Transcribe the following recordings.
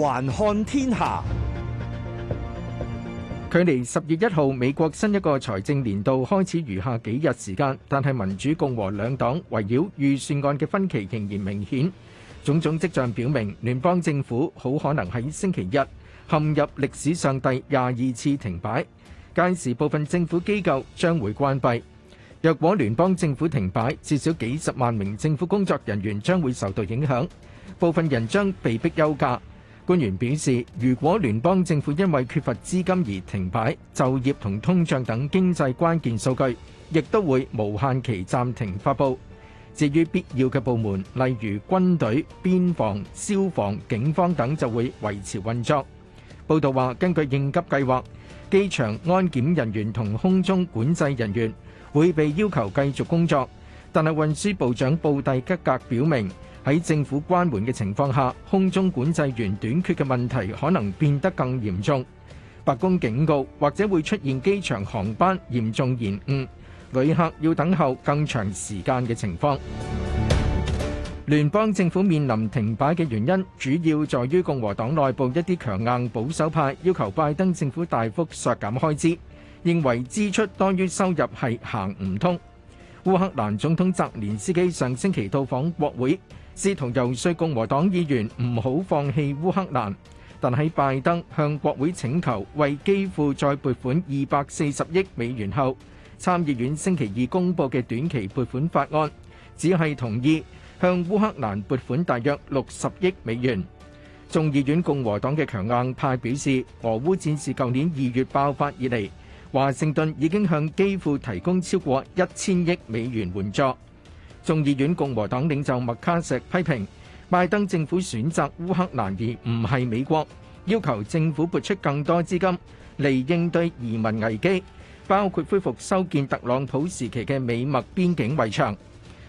環看天下，距離十月一號美國新一個財政年度開始餘下幾日時間，但係民主共和兩黨圍繞預算案嘅分歧仍然明顯。種種跡象表明，聯邦政府好可能喺星期日陷入歷史上第廿二次停擺，屆時部分政府機構將會關閉。若果聯邦政府停擺，至少幾十萬名政府工作人員將會受到影響，部分人將被迫休假。官員表示，如果聯邦政府因為缺乏資金而停擺，就業同通脹等經濟關鍵數據，亦都會無限期暫停發佈。至於必要嘅部門，例如軍隊、邊防、消防、警方等就會維持運作。報道話，根據應急計劃，機場安檢人員同空中管制人員會被要求繼續工作，但係運輸部長布蒂吉格表明，喺政府關門嘅情況下，空中管制員短缺嘅問題可能變得更嚴重。白宮警告，或者會出現機場航班嚴重延誤，旅客要等候更長時間嘅情況。聯邦政府面臨停擺嘅原因，主要在於共和黨內部一啲強硬保守派要求拜登政府大幅削減開支，認為支出多於收入係行唔通。烏克蘭總統澤連斯基上星期到訪國會，試圖遊說共和黨議員唔好放棄烏克蘭。但喺拜登向國會請求為基輔再撥款二百四十億美元後，參議院星期二公布嘅短期撥款法案只係同意向烏克蘭撥款大約六十億美元。眾議院共和黨嘅強硬派表示，俄烏戰事舊年二月爆發以嚟。華盛頓已經向基輔提供超過一千億美元援助。眾議院共和黨領袖麥卡錫批評拜登政府選擇烏克蘭而唔係美國，要求政府撥出更多資金嚟應對移民危機，包括恢復修建特朗普時期嘅美墨邊境圍牆。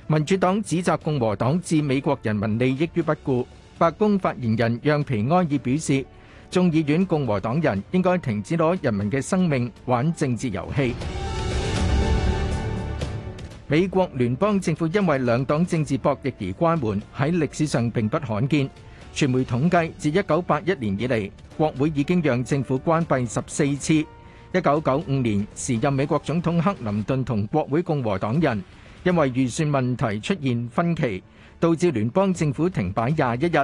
民主黨指責共和黨置美國人民利益於不顧。白宮發言人讓皮埃爾表示。眾議院共和黨人應該停止攞人民嘅生命玩政治遊戲。美國聯邦政府因為兩黨政治博弈而關門，喺歷史上並不罕見。傳媒統計，自一九八一年以嚟，國會已經讓政府關閉十四次。一九九五年，時任美國總統克林頓同國會共和黨人因為預算問題出現分歧，導致聯邦政府停擺廿一日。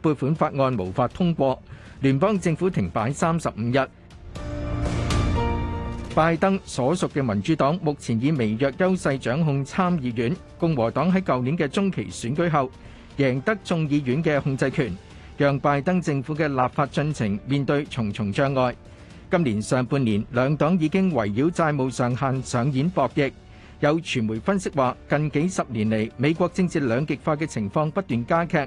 撥款法案無法通過，聯邦政府停擺三十五日。拜登所屬嘅民主黨目前以微弱優勢掌控參議院，共和黨喺舊年嘅中期選舉後贏得眾議院嘅控制權，讓拜登政府嘅立法進程面對重重障礙。今年上半年，兩黨已經圍繞債務上限上演博弈。有傳媒分析話，近幾十年嚟，美國政治兩極化嘅情況不斷加劇。